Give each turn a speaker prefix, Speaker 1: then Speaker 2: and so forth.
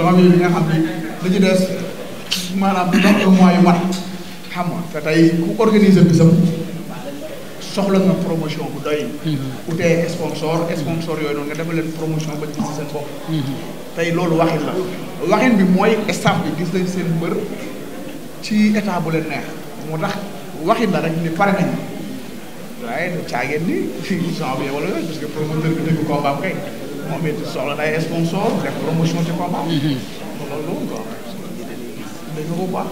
Speaker 1: janvier bi nga xam ne li des maanaam dans un mois yu mat xam nga te tey ku organiser bisam soxla nga promotion bu doy. Mhm. utee sponsor sponsor yooyu noonu nga defal leen promotion ba gis seen bopp. Mhm. tey loolu waxin la waxin bi mooy staff bi gis nañ seen mbër ci état bu leen neex moo tax waxin la rek ni pare nañ waaye caageen ni fii janvier wala yooyu parce que promoteur bi dëgg combat kay. moom
Speaker 2: it soxla na ay sponsor def promotion ci combat. Mhm.
Speaker 1: loolu
Speaker 3: quoi dañu ko baax.